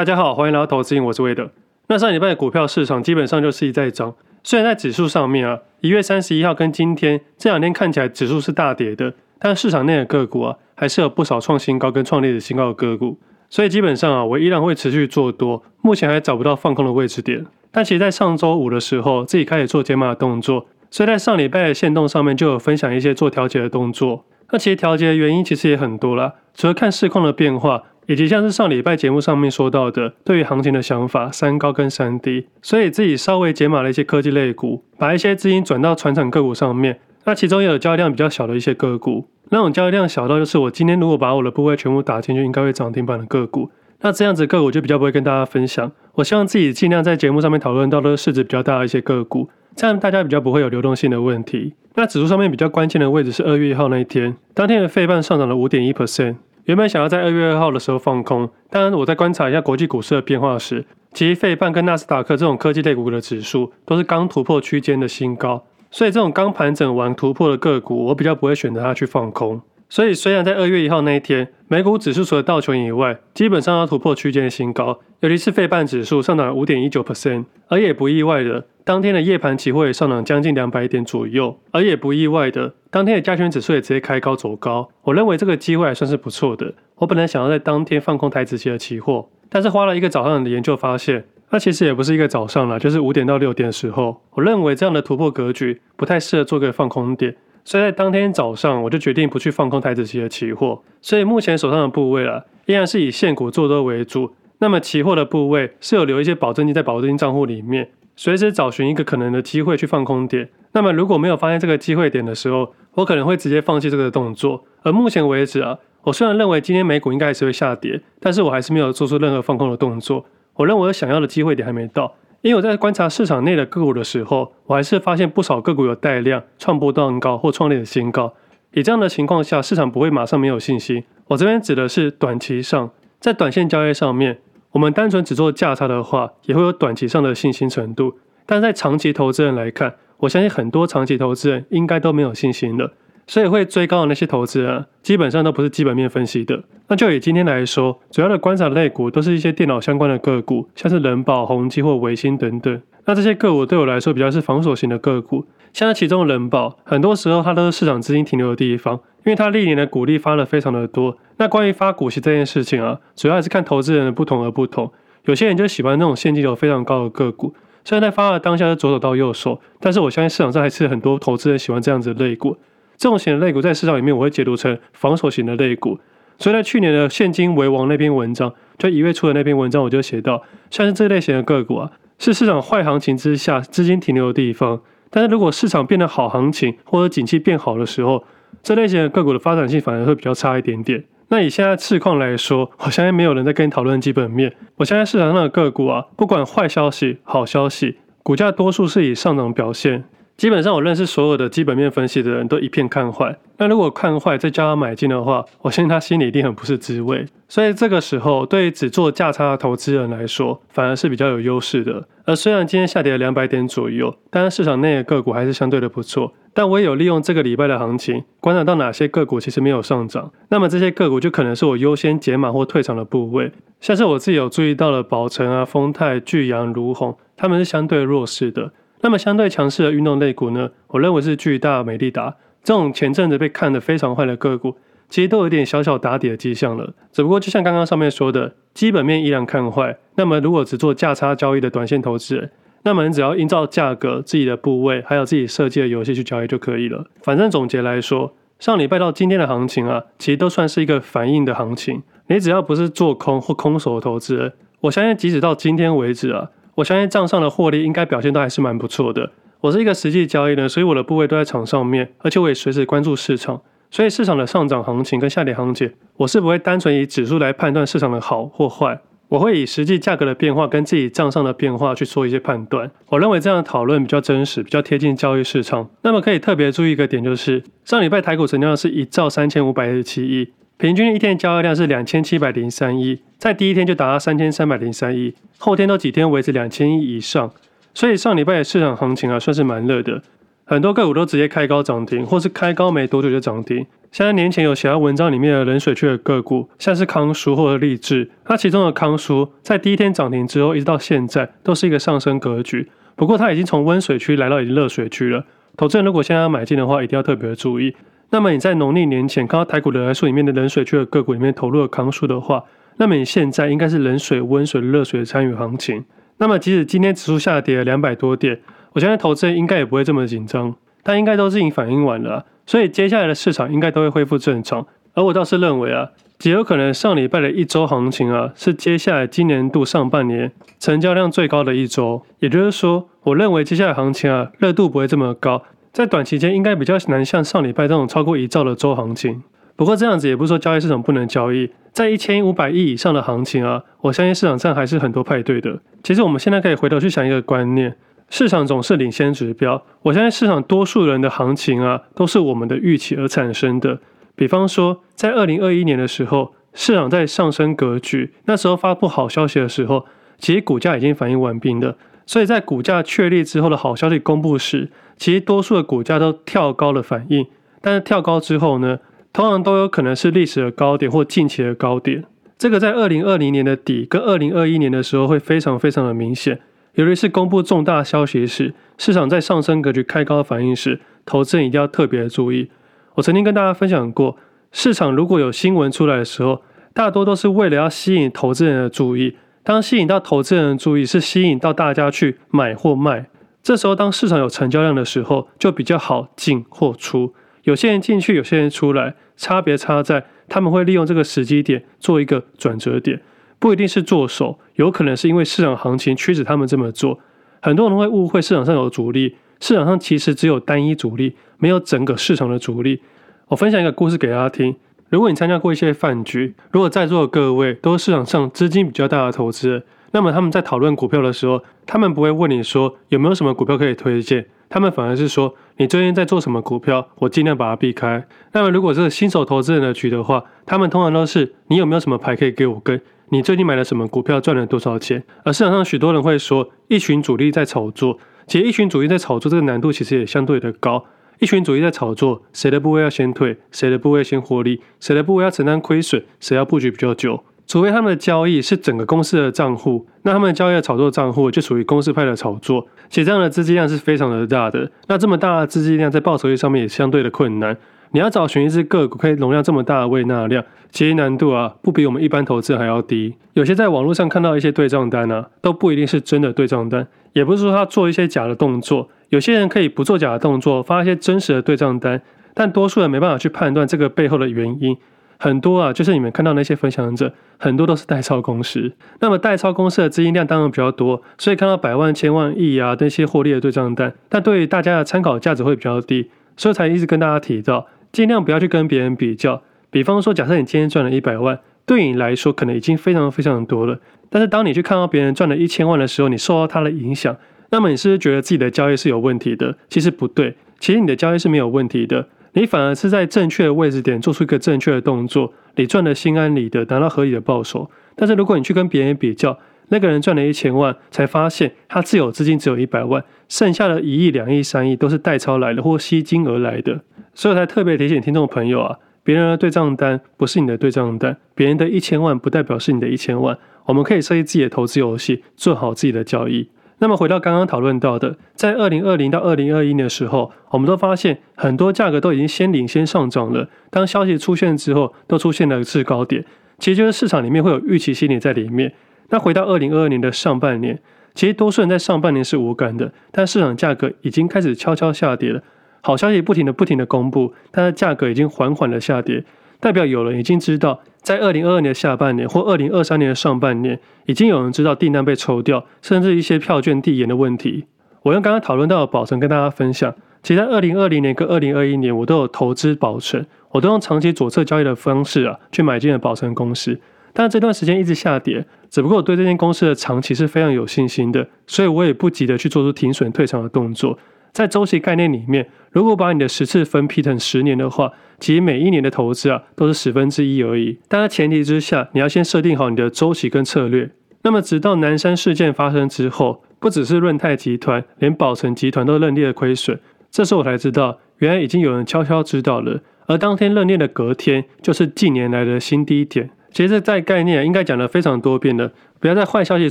大家好，歡迎來到投資癮，我是 Wade。那上禮拜的股票市場基本上就是一再漲，雖然在指數上面啊，一月三十一號跟今天這兩天看起來指數是大跌的，但市場內的個股啊還是有不少創新高跟創歷史新高的個股，所以基本上啊，我依然會持續做多，目前還找不到放空的位置點。但其實，在上周五的時候，自己開始做解碼的動作，所以在上禮拜的限動上面就有分享一些做調節的動作。那其實調節的原因其實也很多啦，除了，主要看市況的變化。以及像是上禮拜節目上面說到的，對於行情的想法三高跟三低，所以自己稍微減碼了一些科技類股，把一些資金轉到傳產個股上面。那其中也有交易量比較小的一些個股，那種交易量小到就是我今天如果把我的部位全部打進去，應該會漲停板的個股。那這樣子個股就比較不會跟大家分享。我希望自己儘量在節目上面討論到的市值比較大的一些個股，這樣大家比較不會有流動性的問題。那指數上面比較關鍵的位置是二月一號那一天，當天的費半上漲了五點一 percent。原本想要在二月二號的時候放空，當然我在觀察一下國際股市的變化時，其實費半跟納斯達克這種科技類股的指數都是剛突破區間的新高，所以這種剛盤整完突破的個股，我比較不會選擇它去放空。所以，雖然在二月一號那一天，美股指數除了道瓊以外，基本上要突破區間的新高，尤其是費半指數上漲了五點一九 percent，而也不意外的，當天的夜盤期貨也上漲將近兩百點左右，而也不意外的，當天的加權指數也直接開高走高。我認為這個機會還算是不錯的。我本來想要在當天放空台指期的期貨，但是花了一個早上的研究，發現那其實也不是一個早上啦，就是五點到六點的時候，我認為這樣的突破格局不太適合做個放空點。所以在當天早上，我就決定不去放空台指期的期貨。所以目前手上的部位啊，依然是以現股做多為主。那麼期貨的部位是有留一些保證金在保證金賬戶裡面，隨時找尋一個可能的機會去放空點。那麼如果沒有發現這個機會點的時候，我可能會直接放棄這個動作。而目前為止啊，我雖然認為今天美股應該還是會下跌，但是我還是沒有做出任何放空的動作。我認為我想要的機會點還沒到。因為我在觀察市場內的個股的時候，我還是發現不少個股有帶量創波段高或創歷史新高。以這樣的情況下，市場不會馬上沒有信心。我這邊指的是短期上，在短線交易上面，我們單純只做價差的話，也會有短期上的信心程度。但在長期投資人來看，我相信很多長期投資人應該都沒有信心了。所以會追高的那些投資人啊，基本上都不是基本面分析的。那就以今天來說，主要的觀察類股都是一些電腦相關的個股，像是仁寶、宏碁或微星等等。那這些個股對我來說比較是防守型的個股。像其中的仁寶，很多時候它都是市場資金停留的地方，因為它歷年的股利發了非常的多。那關於發股息這件事情啊，主要還是看投資人的不同而不同。有些人就喜歡那種現金流非常高的個股，雖然在發的當下是左手到右手，但是我相信市場上還是很多投資人喜歡這樣子的類股。這種型的類股在市場裡面，我會解讀成防守型的類股。所以在去年的“現金為王”那篇文章，就一月初的那篇文章，我就寫到，像是這類型的個股啊，是市場壞行情之下資金停留的地方。但是如果市場變得好行情或者景氣變好的時候，這類型的個股的發展性反而會比較差一點點。那以現在市況來說，我相信沒有人在跟你討論基本面。我相信市場上的個股啊，不管壞消息、好消息，股價多數是以上漲表現。基本上我認識所有的基本面分析的人都一片看壞。那如果看壞再叫他買進的話，我相信他心裡一定很不是滋味。所以這個時候對於只做價差的投資人來說，反而是比較有優勢的。而雖然今天下跌了兩百點左右，但是市場內的個股還是相對的不錯。但我也有利用這個禮拜的行情，觀察到哪些個股其實沒有上漲。那麼這些個股就可能是我優先解碼或退場的部位。像是我自己有注意到了寶成啊、豐泰、聚陽、儒鴻，他們是相對弱勢的。那麼相對強勢的運動類股呢？我認為是巨大、美利達這種前陣子被看得非常壞的個股，其實都有點小小打底的跡象了。只不過就像剛剛上面說的，基本面依然看壞。那麼如果只做價差交易的短線投資人，那麼你只要依照價格、自己的部位還有自己設計的遊戲去交易就可以了。反正總結來說，上禮拜到今天的行情啊，其實都算是一個反應的行情。你只要不是做空或空手投資人，我相信即使到今天為止啊。我相信賬上的獲利應該表現都還是蠻不錯的。我是一個實際交易人，所以我的部位都在場上面，而且我也隨時關注市場。所以市場的上漲行情跟下跌行情，我是不會單純以指數來判斷市場的好或壞，我會以實際價格的變化跟自己賬上的變化去做一些判斷。我認為這樣的討論比較真實，比較貼近交易市場。那麼可以特別注意一個點就是，上禮拜台股成交量是一兆三千五百一十七億。平均一天交易量是兩千七百零三億，在第一天就達到三千三百零三億，後天都幾天維持兩千億以上，所以上禮拜的市場行情啊，算是蠻熱的，很多個股都直接開高漲停，或是開高沒多久就漲停。像在年前有寫到文章裡面的冷水區的個股，像是康舒或者立志，那其中的康舒在第一天漲停之後，一直到現在都是一個上升格局，不過它已經從溫水區來到已經熱水區了，投資人如果現在要買進的話，一定要特別注意。那麼你在農曆年前看到台股的冷數裡面的冷水區的個股裡面投入了扛數的話，那麼你現在應該是冷水、溫水、熱水的參與行情。那麼即使今天指數下跌了兩百多點，我相信投資人應該也不會這麼緊張，它應該都是已經反應完了啊，所以接下來的市場應該都會恢復正常。而我倒是認為啊，極有可能上禮拜的一週行情啊，是接下來今年度上半年成交量最高的一週。也就是說，我認為接下來的行情啊，熱度不會這麼高。在短期間應該比較難像上禮拜這種超過一兆的周行情。不過這樣子也不是說交易市場不能交易，在一千五百億以上的行情啊，我相信市場上還是很多派對的。其實我們現在可以回頭去想一個觀念，市場總是領先指標。我相信市場多數人的行情啊，都是我們的預期而產生的。比方說在二零二一年的時候，市場在上升格局，那時候發布好消息的時候，其實股價已經反應完畢了。所以在股價確立之後的好消息公布時，其實多數的股價都跳高了反應。但是跳高之後呢，通常都有可能是歷史的高點或近期的高點。這個在二零二零年的底跟二零二一年的時候會非常非常的明顯。尤其是公布重大消息時，市場在上升格局開高的反應時，投資人一定要特別的注意。我曾經跟大家分享過，市場如果有新聞出來的時候，大多都是為了要吸引投資人的注意。當吸引到投資人的注意，是吸引到大家去買或賣。這時候，當市場有成交量的時候，就比較好進或出。有些人進去，有些人出來，差別差在他們會利用這個時機點做一個轉折點，不一定是做手，有可能是因為市場行情驅使他們這麼做。很多人會誤會市場上有主力，市場上其實只有單一主力，沒有整個市場的主力。我分享一個故事給大家聽。如果你參加過一些飯局，如果在座的各位都是市場上資金比較大的投資人，那麼他們在討論股票的時候，他們不會問你說有沒有什麼股票可以推薦，他們反而是說你最近在做什麼股票，我盡量把它避開。那麼如果是新手投資人的局的話，他們通常都是你有沒有什麼牌可以給我跟？你最近買了什麼股票，賺了多少錢？而市場上許多人會說一群主力在炒作，其實一群主力在炒作這個難度其實也相對的高。一群主力在炒作，誰的部位要先退，誰的部位先獲利，誰的部位要承擔虧損，誰要布局比較久。除非他們的交易是整個公司的賬戶，那他們的交易的炒作賬戶就屬於公司派的炒作，且這樣的資金量是非常的大的。那這麼大的資金量，在報酬率上面也相對的困難。你要找尋一隻個股可以容量這麼大的胃納量，其實難度啊，不比我們一般投資還要低。有些在網絡上看到一些對賬單啊，都不一定是真的對賬單，也不是說他做一些假的動作。有些人可以不做假的動作，發一些真實的對賬單，但多數人沒辦法去判斷這個背後的原因。很多啊，就是你們看到那些分享者，很多都是代操公司。那麼代操公司的資金量當然比較多，所以看到百萬、千萬、億啊，那些獲利的對賬單，但對於大家的參考價值會比較低。所以才一直跟大家提到，儘量不要去跟別人比較。比方說，假設你今天賺了一百萬，對你來說可能已經非常非常多了。但是當你去看到別人賺了一千萬的時候，你受到他的影響。那麼你是不是覺得自己的交易是有問題的？其實不對，其實你的交易是沒有問題的，你反而是在正確的位置點做出一個正確的動作，你賺得心安理得，達到合理的報酬。但是如果你去跟別人比較，那個人賺了一千萬，才發現他自有資金只有一百萬，剩下的一億、兩億、三億都是代操來的或吸金而來的。所以，我才特別提醒聽眾朋友啊，別人的對賬單不是你的對賬單，別人的一千萬不代表是你的一千萬。我們可以設計自己的投資遊戲，做好自己的交易。那麼回到剛剛討論到的，在二零二零到二零二一年的時候，我們都發現很多價格都已經先領先上漲了。當消息出現之後，都出現了制高點，其實就是市場裡面會有預期心理在裡面。那回到二零二二年的上半年，其實多數人在上半年是無感的，但市場價格已經開始悄悄下跌了。好消息不停的不停的公布，但是價格已經緩緩的下跌。代表有人已經知道，在二零二二年的下半年或二零二三年的上半年，已經有人知道訂單被抽掉，甚至一些票券遞延的問題。我用剛剛討論到的寶成跟大家分享，其實在二零二零年跟二零二一年，我都有投資寶成，我都用長期左側交易的方式啊，去買進了寶成公司。但這段時間一直下跌，只不過我對這間公司的長期是非常有信心的，所以我也不急着去做出停損退場的動作。在週期概念裡面，如果把你的十次分批成十年的話，其實每一年的投資啊都是十分之一而已。但在前提之下，你要先設定好你的週期跟策略。那麼直到南山事件發生之後，不只是潤泰集團，連寶成集團都認列了虧損。這時候我才知道，原來已經有人悄悄知道了。而當天認列的隔天，就是近年來的新低點。其實，在概念應該講了非常多遍了，不要在壞消息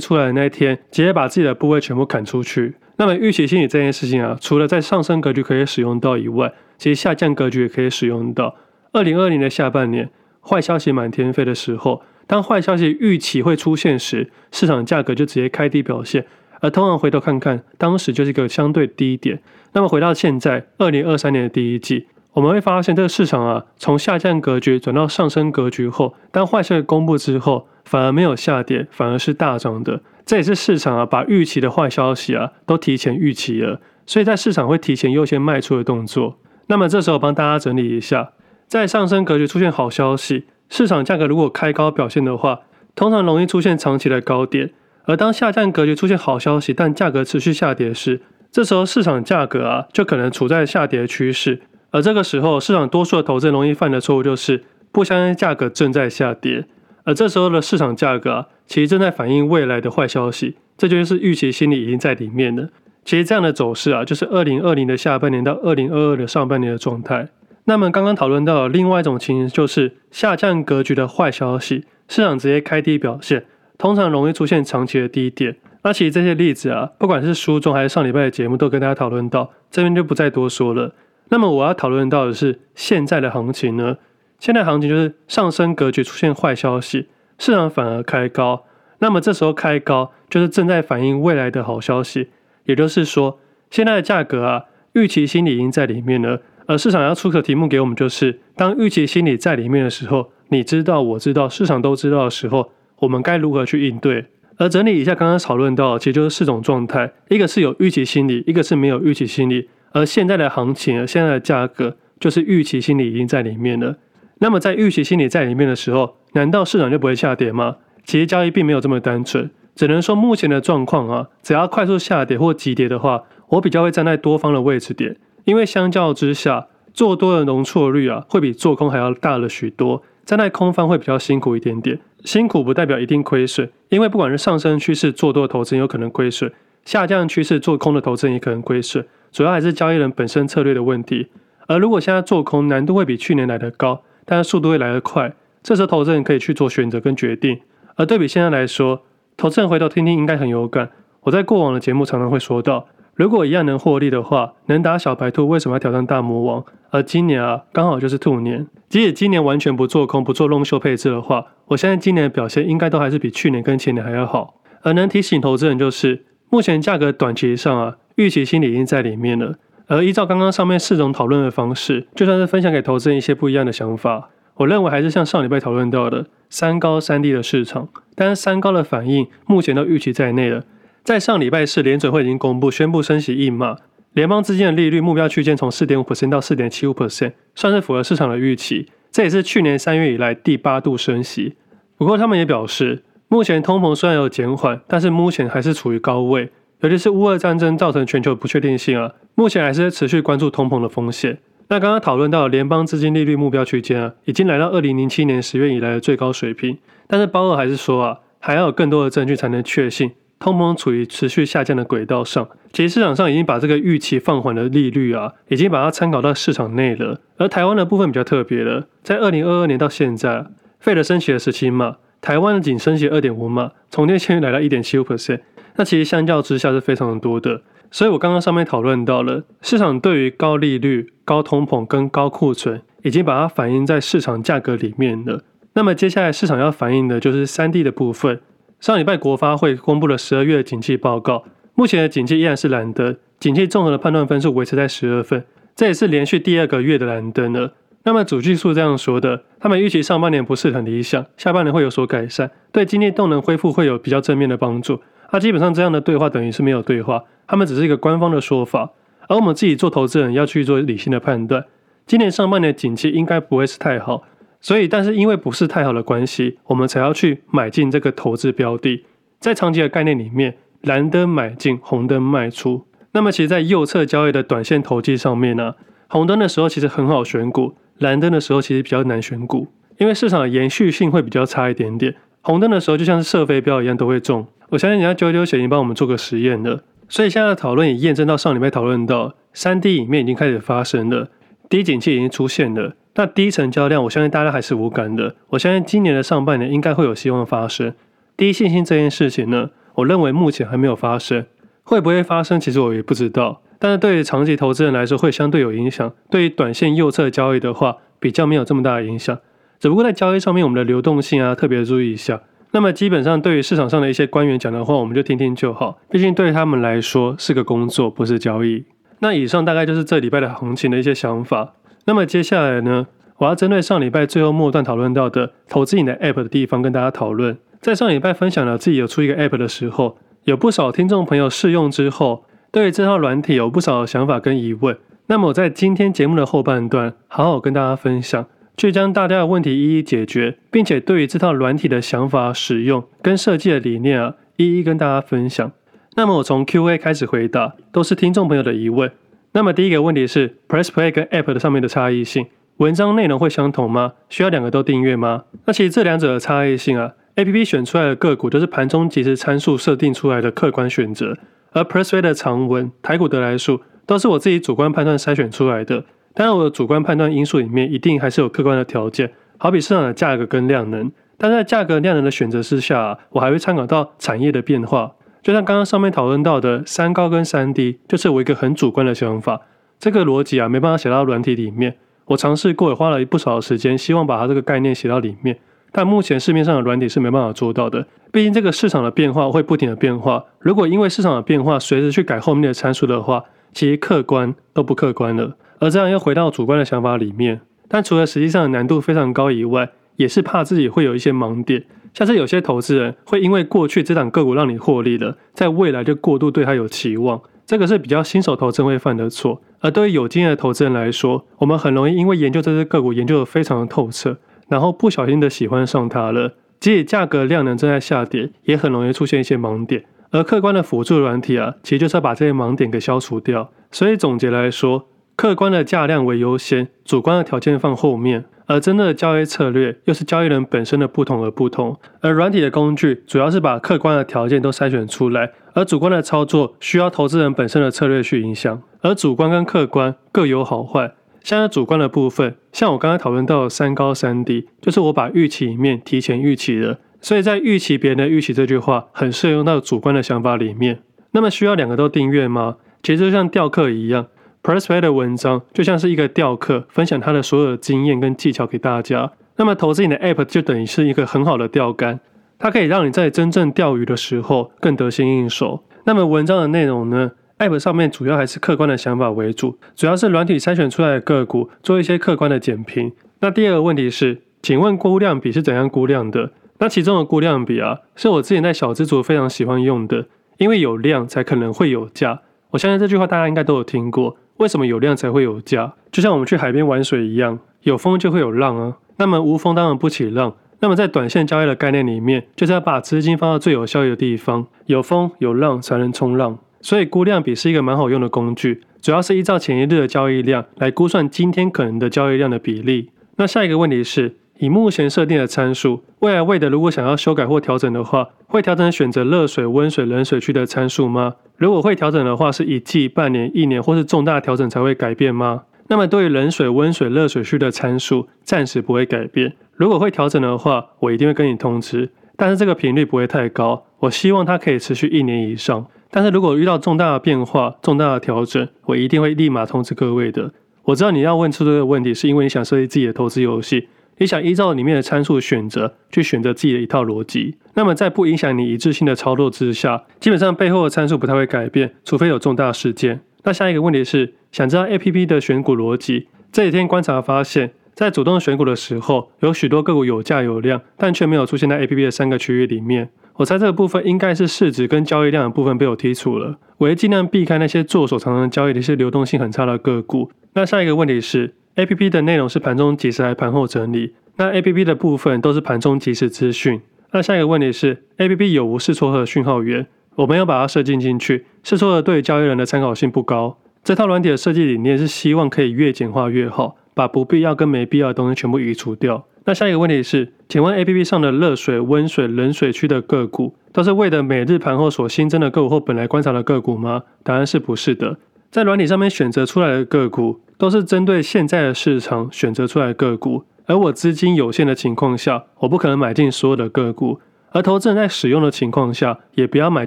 出來的那一天，直接把自己的部位全部砍出去。那麼預期心理這件事情啊，除了在上升格局可以使用到以外，其實下降格局也可以使用到。二零二零的下半年，壞消息滿天飛的時候，當壞消息預期會出現時，市場價格就直接開低表現。而通常回頭看看，當時就是一個相對低點。那麼回到現在，二零二三年的第一季。我們會發現，這個市場啊，從下降格局轉到上升格局後，當壞消息公布之後，反而沒有下跌，反而是大漲的。這也是市場啊，把預期的壞消息啊，都提前預期了，所以在市場會提前優先賣出的動作。那麼這時候幫大家整理一下，在上升格局出現好消息，市場價格如果開高表現的話，通常容易出現長期的高點；而當下降格局出現好消息，但價格持續下跌時，這時候市場價格啊，就可能處在下跌的趨勢。而這個時候，市場多數的投資人容易犯的錯誤就是不相信價格正在下跌，而這時候的市場價格啊，其實正在反映未來的壞消息，這就是預期心理已經在裡面了。其實這樣的走勢啊，就是二零二零的下半年到二零二二的上半年的狀態。那麼剛剛討論到的另外一種情形，就是下降格局的壞消息，市場直接開低表現，通常容易出現長期的低點。那其實這些例子啊，不管是書中還是上禮拜的節目，都跟大家討論到，這邊就不再多說了。那麼我要討論到的是現在的行情呢？現在的行情就是上升格局出現壞消息，市場反而開高。那麼這時候開高就是正在反映未來的好消息，也就是說現在的價格啊，預期心理已經在裡面了。而市場要出個題目給我們，就是當預期心理在裡面的時候，你知道，我知道，市場都知道的時候，我們該如何去應對？而整理一下剛剛討論到，其實就是四種狀態：一個是有預期心理，一個是沒有預期心理。而現在的行情啊，現在的價格，就是預期心理已經在裡面了。那麼在預期心理在裡面的時候，難道市場就不會下跌嗎？其實交易並沒有這麼單純，只能說目前的狀況啊，只要快速下跌或急跌的話，我比較會站在多方的位置點，因為相較之下，做多的容錯率啊，會比做空還要大了許多。站在空方會比較辛苦一點點，辛苦不代表一定虧損，因為不管是上升趨勢做多的投資有可能虧損，下降趨勢做空的投資也可能虧損。主要還是交易人本身策略的問題，而如果現在做空難度會比去年來得高，但是速度會來得快，這時候投資人可以去做選擇跟決定。而對比現在來說，投資人回頭聽聽應該很有感。我在過往的節目常常會說到，如果一樣能獲利的話，能打小白兔為什麼要挑戰大魔王？而今年啊，剛好就是兔年，即使今年完全不做空、不做 l o n s h o t 配置的話，我相信今年的表現應該都還是比去年跟前年還要好。而能提醒投資人就是。目前價格短期上啊，預期心理已經在裡面了。而依照剛剛上面四種討論的方式，就算是分享給投資人一些不一樣的想法，我認為還是像上禮拜討論到的三高三低的市場。但是三高的反應，目前都預期在內了。在上禮拜四聯準會已經公布宣布升息一碼，聯邦資金的利率目標區間從四點五 percent 到四點七五 percent，算是符合市場的預期。這也是去年三月以來第八度升息。不過他們也表示。目前通膨雖然有減緩，但是目前還是處於高位，尤其是烏俄戰爭造成全球不確定性啊，目前還是在持續關注通膨的風險。那剛剛討論到聯邦資金利率目標區間啊，已經來到二零零七年十月以來的最高水平，但是鮑爾還是說啊，還要有更多的證據才能確信通膨處於持續下降的軌道上。其實市場上已經把這個預期放緩的利率啊，已經把它參考到市場內了。而台灣的部分比較特別了，在二零二二年到現在 Fed 升息的時期嘛，台灣的景升息二點五碼，重貼現率來到一點七五 percent，那其實相較之下是非常的多的。所以我剛剛上面討論到了，市場對於高利率、高通膨跟高庫存，已經把它反映在市場價格裡面了。那麼接下來市場要反映的就是三 d 的部分。上禮拜國發會公布了十二月的景氣報告，目前的景氣依然是藍燈，景氣綜合的判斷分數維持在十二分，這也是連續第二個月的藍燈了。那麼主計處這樣說的，他們預期上半年不是很理想，下半年會有所改善，對今年動能恢復會有比較正面的幫助。啊，基本上這樣的對話等於是沒有對話，他們只是一個官方的說法。而我們自己做投資人要去做理性的判斷，今年上半年景氣應該不會是太好，所以但是因為不是太好的關係，我們才要去買進這個投資標的。在長期的概念裡面，藍燈買進，紅燈賣出。那麼其實，在右側交易的短線投機上面呢，啊，紅燈的時候其實很好選股。藍燈的時候其實比較難選股，因為市場的延續性會比較差一點點。紅燈的時候就像是射飛鏢一樣都會中，我相信人家啾啾鞋已經幫我們做個實驗了。所以現在的討論也驗證到，上禮拜討論到三低影面，已經開始發生了，低景氣已經出現了。那低成交量，我相信大家還是無感的。我相信今年的上半年應該會有希望發生低信心這件事情呢。我認為目前還沒有發生，會不會發生，其實我也不知道。但是對於長期投資人來說會相對有影響，對於短線右側交易的話比較沒有這麼大的影響，只不過在交易上面我們的流動性啊特別注意一下。那麼基本上對於市場上的一些官員講的話，我們就聽聽就好，畢竟對於他們來說是個工作，不是交易。那以上大概就是這禮拜的行情的一些想法。那麼接下來呢，我要針對上禮拜最後末段討論到的投資癮 App 的地方跟大家討論。在上禮拜分享了自己有出一個 App 的時候，有不少聽眾朋友試用之後，對於這套軟體有不少想法跟疑問，那麼我在今天節目的後半段好好跟大家分享，去將大家的問題一一解決，並且對於這套軟體的想法、使用跟設計的理念啊，一一跟大家分享。那麼我從 QA 開始回答，都是聽眾朋友的疑問。那麼第一個問題是，Press Play 跟 App 的上面的差異性，文章內容會相同嗎？需要兩個都訂閱嗎？那其實這兩者的差異性啊，APP 選出來的個股就是盤中即時參數設定出來的客觀選擇。而 Pressplay 的長文、台股得來速都是我自己主觀判斷篩選出來的，當然我的主觀判斷因素裡面一定還是有客觀的條件，好比市場的價格跟量能，但在價格量能的選擇之下啊，我還會參考到產業的變化，就像剛剛上面討論到的三高跟三低，就是我一個很主觀的想法，這個邏輯啊沒辦法寫到軟體裡面，我嘗試過也花了不少時間，希望把它這個概念寫到裡面。但目前市面上的軟體是沒辦法做到的，畢竟這個市場的變化會不停的變化。如果因為市場的變化，隨時去改後面的參數的話，其實客觀都不客觀了，而這樣又回到主觀的想法裡面。但除了實際上的難度非常高以外，也是怕自己會有一些盲點。像是有些投資人會因為過去這檔個股讓你獲利了，在未來就過度對它有期望，這個是比較新手投資人會犯的錯。而對於有經驗的投資人來說，我們很容易因為研究這隻個股研究得非常的透徹。然後不小心的喜歡上它了，即使價格量能正在下跌，也很容易出現一些盲點。而客觀的輔助軟體啊，其實就是要把這些盲點給消除掉。所以總結來說，客觀的價量為優先，主觀的條件放後面。而真正的交易策略又是交易人本身的不同而不同。而軟體的工具主要是把客觀的條件都篩選出來，而主觀的操作需要投資人本身的策略去影響。而主觀跟客觀各有好壞。像在主觀的部分，像我剛剛討論到三高三低，就是我把預期裡面提前預期了，所以在預期別人的預期這句話，很適合用到主觀的想法裡面。那麼需要兩個都訂閱嗎？其實就像釣客一樣，Pressplay 的文章就像是一個釣客分享他的所有的經驗跟技巧給大家。那麼投資癮的 App 就等於是一個很好的釣竿，它可以讓你在真正釣魚的時候更得心應手。那麼文章的內容呢？app 上面主要還是客觀的想法為主，主要是軟體篩選出來的個股做一些客觀的簡評。那第二個問題是，請問估量比是怎樣估量的？那其中的估量比啊，是我之前在小資主非常喜歡用的，因為有量才可能會有價。我相信這句話大家應該都有聽過。為什麼有量才會有價？就像我們去海邊玩水一樣，有風就會有浪啊。那麼無風當然不起浪。那麼在短線交易的概念裡面，就是要把資金放到最有效益的地方，有風有浪才能衝浪。所以估量比是一個蠻好用的工具，主要是依照前一日的交易量來估算今天可能的交易量的比例。那下一個問題是，以目前設定的參數，未來 Wade 如果想要修改或調整的話，會調整選擇熱水、溫水、冷水區的參數嗎？如果會調整的話，是一季、半年、一年或是重大調整才會改變嗎？那麼對於冷水、溫水、熱水區的參數，暫時不會改變。如果會調整的話，我一定會跟你通知，但是這個頻率不會太高。我希望它可以持續一年以上。但是如果遇到重大的變化、重大的調整，我一定會立馬通知各位的。我知道你要問出這個問題，是因為你想設計自己的投資遊戲，你想依照裡面的參數選擇，去選擇自己的一套邏輯。那麼在不影響你一致性的操作之下，基本上背後的參數不太會改變，除非有重大事件。那下一個問題是，想知道 APP 的選股邏輯。這幾天觀察發現，在主動選股的時候，有許多個股有價有量，但卻沒有出現在 APP 的三個區域裡面。我猜這個部分應該是市值跟交易量的部分被我剔除了。我會盡量避開那些做手常常交易的一些流動性很差的個股。那下一個問題是，APP 的內容是盤中即時還是盤後整理？那 APP 的部分都是盤中即時資訊。那下一個問題是，APP 有無試撮和訊號源？我沒有把它設計進去。試撮的對於交易人的參考性不高。這套軟體的設計理念是希望可以越簡化越好，把不必要跟沒必要的東西全部移除掉。那下一個問題是，請問 APP 上的熱水、溫水、冷水區的個股，都是為了每日盤後所新增的個股或本來觀察的個股嗎？答案是不是的，在軟體上面選擇出來的個股，都是針對現在的市場選擇出來的個股。而我資金有限的情況下，我不可能買進所有的個股；而投資人在使用的情況下，也不要買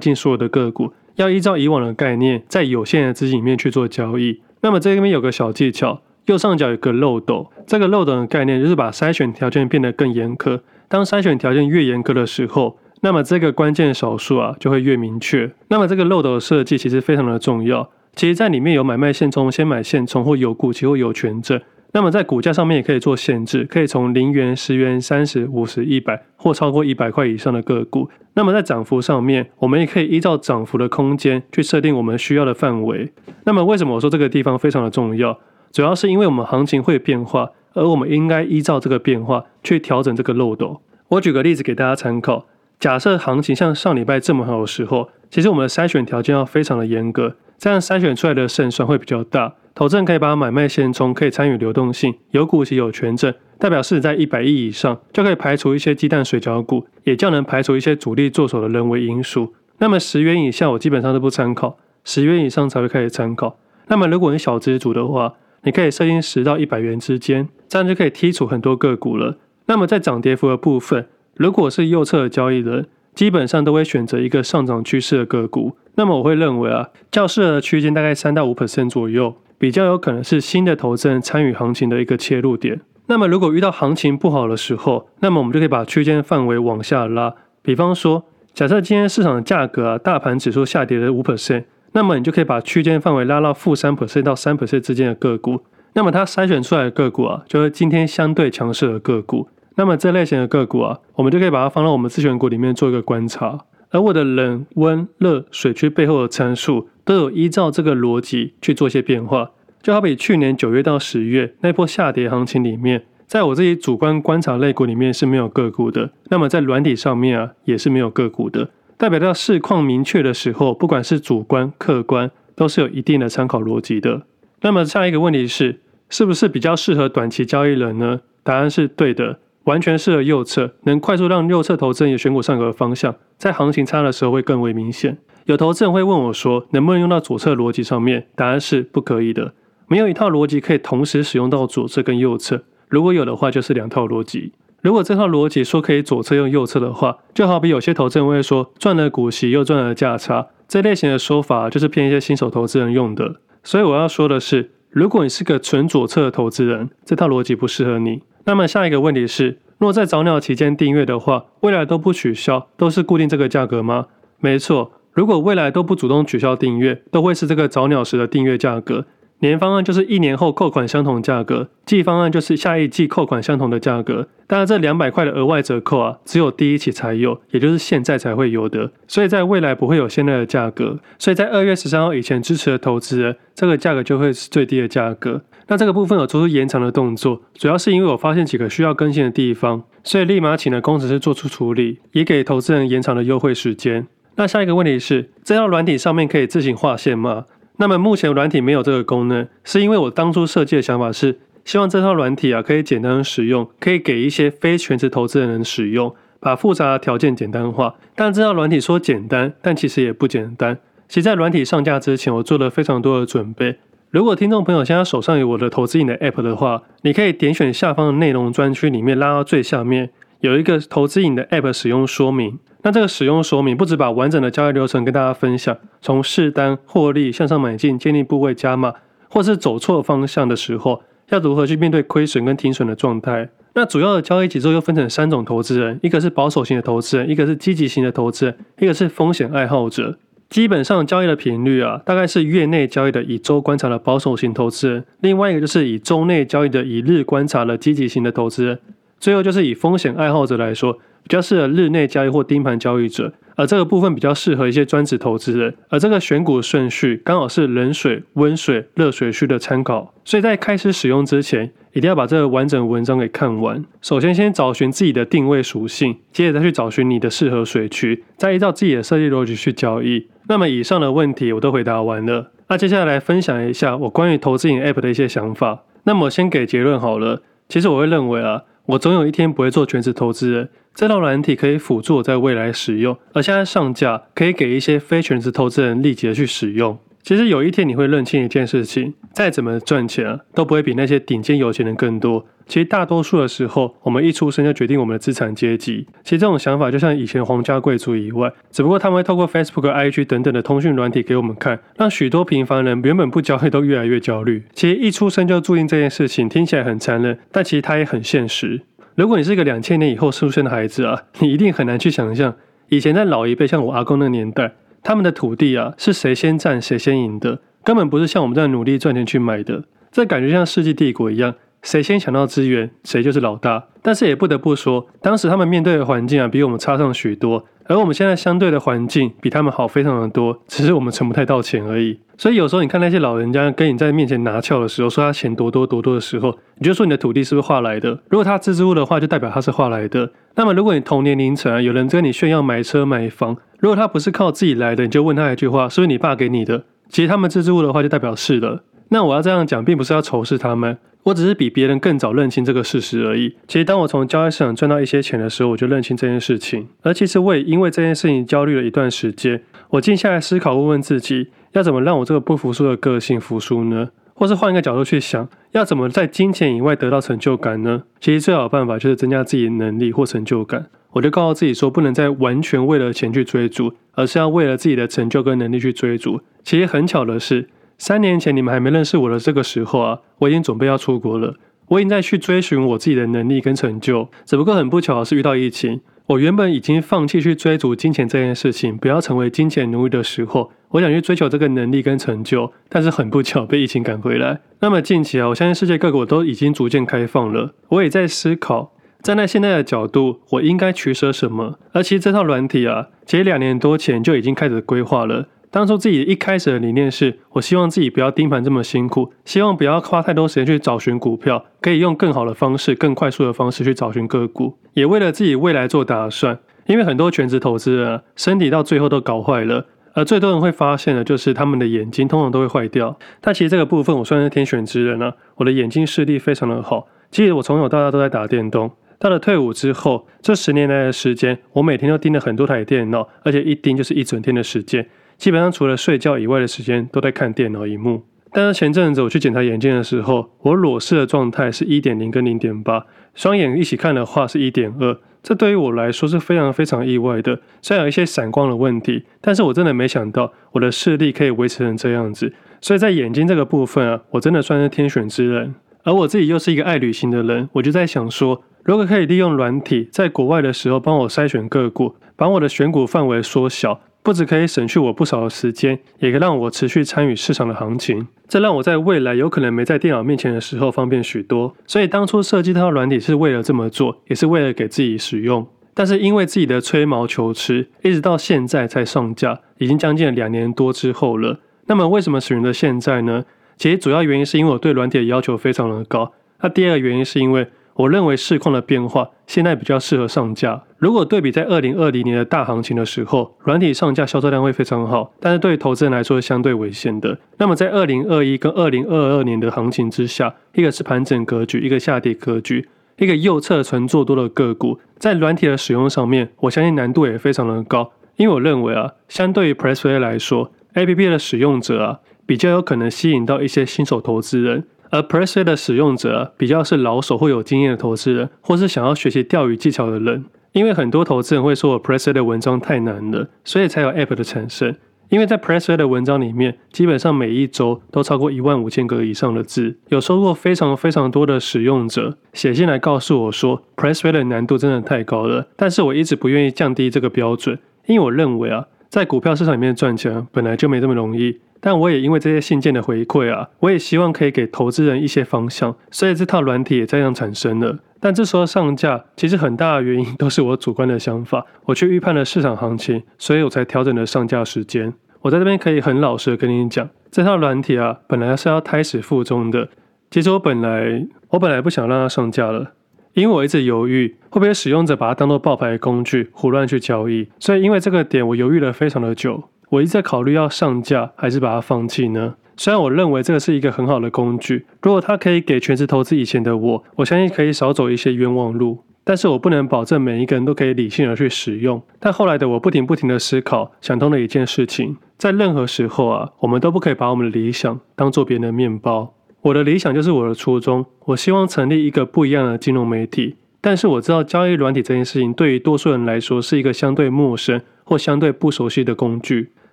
進所有的個股，要依照以往的概念，在有限的資金裡面去做交易。那麼這裡面有個小技巧。右上角有個漏斗，這個漏斗的概念就是把篩選條件變得更嚴苛。當篩選條件越嚴苛的時候，那麼這個關鍵少數啊就會越明確。那麼這個漏斗的設計其實非常的重要。其實，在裡面有買賣現沖，先買現沖、或有股，其或有權證。那麼在股價上面也可以做限制，可以從零元、十元、三十、五十、一百，或超過一百塊以上的個股。那麼在漲幅上面，我們也可以依照漲幅的空間去設定我們需要的範圍。那麼為什麼我說這個地方非常的重要？主要是因為我們行情會變化，而我們應該依照這個變化去調整這個漏斗。我舉個例子給大家參考：假設行情像上禮拜這麼好的時候，其實我們的篩選條件要非常的嚴格，這樣篩選出來的勝算會比較大。投資人可以把買賣現沖，可以參與流動性，有股息有權證，代表市值在一百億以上，就可以排除一些雞蛋水餃股，也較能排除一些主力做手的人為因素。那麼十元以下我基本上都不參考，十元以上才會開始參考。那麼如果你小資族的話，你可以設定10到一百元之間，這樣就可以剔除很多個股了。那麼在漲跌幅的部分，如果是右側的交易人，基本上都會選擇一個上漲趨勢的個股。那麼我會認為啊，較適合的區間大概三到五 percent 左右，比較有可能是新的投資人參與行情的一個切入點。那麼如果遇到行情不好的時候，那麼我們就可以把區間範圍往下拉。比方說，假設今天市場的價格，啊，大盤指數下跌了五 percent。那麼你就可以把區間範圍拉到負3%到3%之間的個股。那麼它篩選出來的個股啊，就是今天相對強勢的個股。那麼這類型的個股啊，我們就可以把它放到我們自選股裡面做一個觀察。而我的冷、溫、熱水區背後的參數，都有依照這個邏輯去做一些變化。就好比去年九月到十月那波下跌行情裡面，在我自己主觀觀察類股裡面是沒有個股的。那麼在軟體上面啊，也是沒有個股的。代表到市況明確的時候，不管是主觀、客觀，都是有一定的參考邏輯的。那麼下一個問題是，是不是比較適合短期交易人呢？答案是對的，完全適合右側，能快速讓右側投資人也選股上個的方向，在行情差的時候會更為明顯。有投資人會問我說，能不能用到左側邏輯上面？答案是不可以的，沒有一套邏輯可以同時使用到左側跟右側。如果有的話，就是兩套邏輯。如果這套邏輯說可以左側用右側的話，就好比有些投資人會說賺了股息又賺了價差，這類型的說法就是騙一些新手投資人用的。所以我要說的是，如果你是個純左側的投資人，這套邏輯不適合你。那麼下一個問題是，若在早鳥期間訂閱的話，未來都不取消，都是固定這個價格嗎？沒錯，如果未來都不主動取消訂閱，都會是這個早鳥時的訂閱價格。年方案就是一年後扣款相同價格，季方案就是下一季扣款相同的價格。當然，這兩百塊的額外折扣啊，只有第一期才有，也就是現在才會有的。所以在未來不會有現在的價格。所以在二月十三號以前支持的投資人，這個價格就會是最低的價格。那這個部分有做出延長的動作，主要是因為我發現幾個需要更新的地方，所以立馬請了工程師做出處理，也給投資人延長了優惠時間。那下一個問題是，這套軟體上面可以自行劃線嗎？那麼目前軟體沒有這個功能，是因為我當初設計的想法是，希望這套軟體啊可以簡單的使用，可以給一些非全職投資的人使用，把複雜的條件簡單化。但這套軟體說簡單，但其實也不簡單。其實在軟體上架之前，我做了非常多的準備。如果聽眾朋友現在手上有我的投資癮的 App 的話，你可以點選下方的內容專區裡面，拉到最下面。有一個投資癮的 App 使用說明，那這個使用說明不只把完整的交易流程跟大家分享，從試單、獲利向上買進，建立部位加碼，或是走錯方向的時候，要如何去面對虧損跟停損的狀態。那主要的交易節奏又分成三種投資人，一個是保守型的投資人，一個是積極型的投資人，一個是風險愛好者。基本上交易的頻率啊，大概是月內交易的以周觀察的保守型投資人，另外一個就是以周內交易的以日觀察的積極型的投資人。最後就是以風險愛好者來說，比較適合日內交易或盯盤交易者，而這個部分比較適合一些專職投資人。而這個選股順序剛好是冷水、溫水、熱水區的參考，所以在開始使用之前，一定要把這個完整文章給看完。首先，先找尋自己的定位屬性，接着再去找尋你的適合水區，再依照自己的設計邏輯去交易。那麼以上的問題我都回答完了，那接下來分享一下我關於投資癮 App 的一些想法。那麼先給結論好了，其實我會認為啊。我總有一天不會做全職投資人，這套軟體可以輔助我在未來使用，而現在上架可以給一些非全職投資人立即的去使用。其實有一天你會認清一件事情，再怎麼賺錢啊，都不會比那些頂尖有錢人更多。其實大多數的時候，我們一出生就決定我們的資產階級。其實這種想法就像以前皇家貴族以外，只不過他們會透過 Facebook、IG 等等的通訊軟體給我們看，讓許多平凡人原本不焦慮都越來越焦慮。其實一出生就注定這件事情，聽起來很殘忍，但其實它也很現實。如果你是個兩千年以後出生的孩子啊，你一定很難去想象，以前在老一輩像我阿公那年代。他們的土地啊，是誰先佔誰先贏的，根本不是像我們在努力賺錢去買的，這感覺像世紀帝國一樣，誰先搶到資源誰就是老大。但是也不得不說，當時他們面對的環境啊，比我們差上許多。而我們現在相對的環境比他們好非常的多，只是我們存不太到錢而已。所以有時候你看那些老人家跟你在面前拿俏的時候，說他錢多多多多的時候，你就說你的土地是不是畫來的？如果他支支吾吾的話，就代表他是畫來的。那麼如果你同年齡層、啊、有人跟你炫耀買車買房，如果他不是靠自己來的，你就問他一句話：是不是你爸給你的？其實他們支支吾吾的話，就代表是的。那我要這樣講，並不是要仇視他們。我只是比別人更早認清這個事實而已。其實，當我從交易市場賺到一些錢的時候，我就認清這件事情。而其實，我也因為這件事情焦慮了一段時間。我靜下來思考，問問自己，要怎麼讓我這個不服輸的個性服輸呢？或是換一個角度去想，要怎麼在金錢以外得到成就感呢？其實，最好的辦法就是增加自己的能力或成就感。我就告訴自己說，不能再完全為了錢去追逐，而是要為了自己的成就跟能力去追逐。其實，很巧的是。三年前，你們還沒認識我的這個時候啊，我已經準備要出國了。我已經在去追尋我自己的能力跟成就，只不過很不巧的是遇到疫情。我原本已經放棄去追逐金錢這件事情，不要成為金錢奴隸的時候，我想去追求這個能力跟成就，但是很不巧被疫情趕回來。那麼近期啊，我相信世界各國都已經逐漸開放了。我也在思考，站在現在的角度，我應該取捨什麼？而其實這套軟體啊，其實兩年多前就已經開始規劃了。當初自己一開始的理念是，我希望自己不要盯盤這麼辛苦，希望不要花太多時間去找尋股票，可以用更好的方式、更快速的方式去找尋個股，也為了自己未來做打算。因為很多全職投資人啊，身體到最後都搞壞了，而最多人會發現的，就是他們的眼睛通常都會壞掉。但其實這個部分，我算是天選之人啊，我的眼睛視力非常的好。其實我從小到大都在打電動，到了退伍之後，這十年來的時間，我每天都盯了很多台電腦，而且一盯就是一整天的時間。基本上除了睡覺以外的時間都在看電腦熒幕。但是前陣子我去檢查眼睛的時候，我裸視的狀態是一點零跟零點八，雙眼一起看的話是一點二。這對於我來說是非常非常意外的，雖然有一些散光的問題，但是我真的沒想到我的視力可以維持成這樣子。所以在眼睛這個部分啊，我真的算是天選之人。而我自己又是一個愛旅行的人，我就在想說，如果可以利用軟體在國外的時候幫我篩選個股，把我的選股範圍縮小，不止可以省去我不少的時間，也可以讓我持續參與市場的行情，這讓我在未來有可能沒在電腦面前的時候方便許多。所以當初設計這套軟體是為了這麼做，也是為了給自己使用。但是因為自己的吹毛求疵，一直到現在才上架，已經將近了兩年多之後了。那麼為什麼使用的現在呢？其實主要原因是因為我對軟體的要求非常的高。那第二個原因是因為我認為市況的變化現在比較適合上架。如果對比在二零二零年的大行情的時候，軟體上架銷售量會非常好，但是對於投資人來說是相對危險的。那麼在二零二一跟二零二二年的行情之下，一個是盤整格局，一個下跌格局，一個右側存做多的個股，在軟體的使用上面，我相信難度也非常的高。因為我認為啊，相對於 Pressplay 來說，APP 的使用者啊，比較有可能吸引到一些新手投資人，而 Pressplay 的使用者啊，比較是老手或有經驗的投資人，或是想要學習釣魚技巧的人。因為很多投資人會說我 PressPlay 的文章太難了，所以才有 App 的產生。因為在 PressPlay 的文章裡面，基本上每一周都超過一萬五千個以上的字，有收過非常非常多的使用者寫信來告訴我說 PressPlay 的難度真的太高了。但是我一直不願意降低這個標準，因為我認為啊。在股票市場裡面賺錢本來就沒這麼容易，但我也因為這些信件的回饋啊，我也希望可以給投資人一些方向，所以這套軟體也在這樣產生了。但這時候上架，其實很大的原因都是我主觀的想法，我去預判了市場行情，所以我才調整了上架時間。我在這邊可以很老實的跟你講，這套軟體啊，本來是要胎死腹中的，其實我本來我本來不想讓它上架了。因為我一直猶豫會不會使用者把它當做報牌的工具胡亂去交易，所以因為這個點我猶豫了非常的久，我一直在考慮要上架還是把它放棄呢？雖然我認為這個是一個很好的工具，如果它可以給全職投資以前的我，我相信可以少走一些冤枉路，但是我不能保證每一個人都可以理性的去使用。但後來的我不停不停的思考，想通了一件事情，在任何時候啊，我們都不可以把我們的理想當做別人的麵包。我的理想就是我的初衷，我希望成立一個不一樣的金融媒體。但是我知道交易軟體這件事情對於多數人來說是一個相對陌生或相對不熟悉的工具。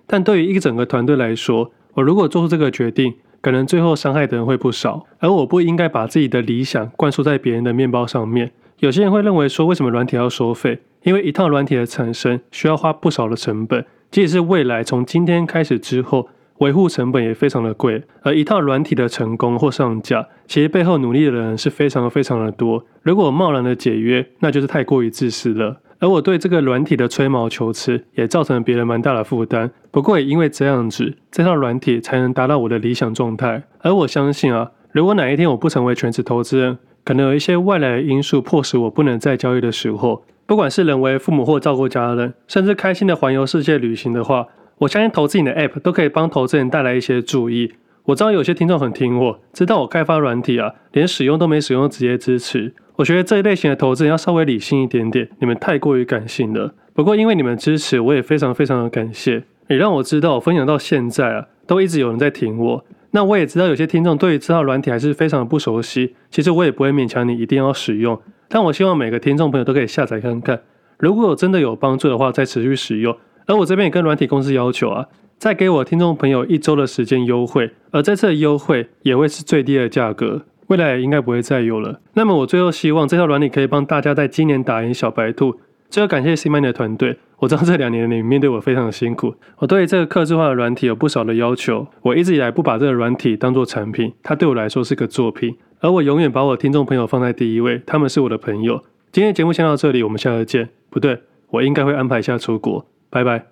但對於一個整個團隊來說，我如果做出這個決定，可能最後傷害的人會不少。而我不應該把自己的理想灌輸在別人的面包上面。有些人會認為說，為什麼軟體要收費？因為一套軟體的產生需要花不少的成本，即使是未來從今天開始之後。維護成本也非常的貴，而一套軟體的成功或上架，其實背後努力的人是非常非常的多。如果我貿然的解約，那就是太過於自私了。而我對這個軟體的吹毛求疵，也造成了別人蠻大的負擔。不過也因為這樣子，這套軟體才能達到我的理想狀態。而我相信啊，如果哪一天我不成為全職投資人，可能有一些外來的因素迫使我不能再交易的時候，不管是因為父母或照顧家人，甚至開心的環遊世界旅行的話。我相信投資癮的 app 都可以幫投資人帶來一些助益。我知道有些聽眾很聽我，知道我開發軟體啊，連使用都沒使用直接支持。我覺得這一類型的投資人要稍微理性一點點，你們太過於感性了。不過因為你們支持，我也非常非常的感謝，也讓我知道分享到現在啊，都一直有人在挺我。那我也知道有些聽眾對於這套軟體還是非常的不熟悉，其實我也不會勉強你一定要使用，但我希望每個聽眾朋友都可以下載看看。如果真的有幫助的話，再持續使用。而我這邊也跟軟體公司要求啊，再給我聽眾朋友一周的時間優惠，而這次的優惠也會是最低的價格，未來也應該不會再有了。那麼我最後希望這套軟體可以幫大家在今年打贏小白兔。最後感謝 CMoney 的團隊，我知道這兩年裡面，面對我非常的辛苦。我對這個客製化的軟體有不少的要求，我一直以來不把這個軟體當做產品，它對我來說是個作品。而我永遠把我聽眾朋友放在第一位，他們是我的朋友。今天節目先到這裡，我們下次見。不對，我應該會安排一下出國。拜拜。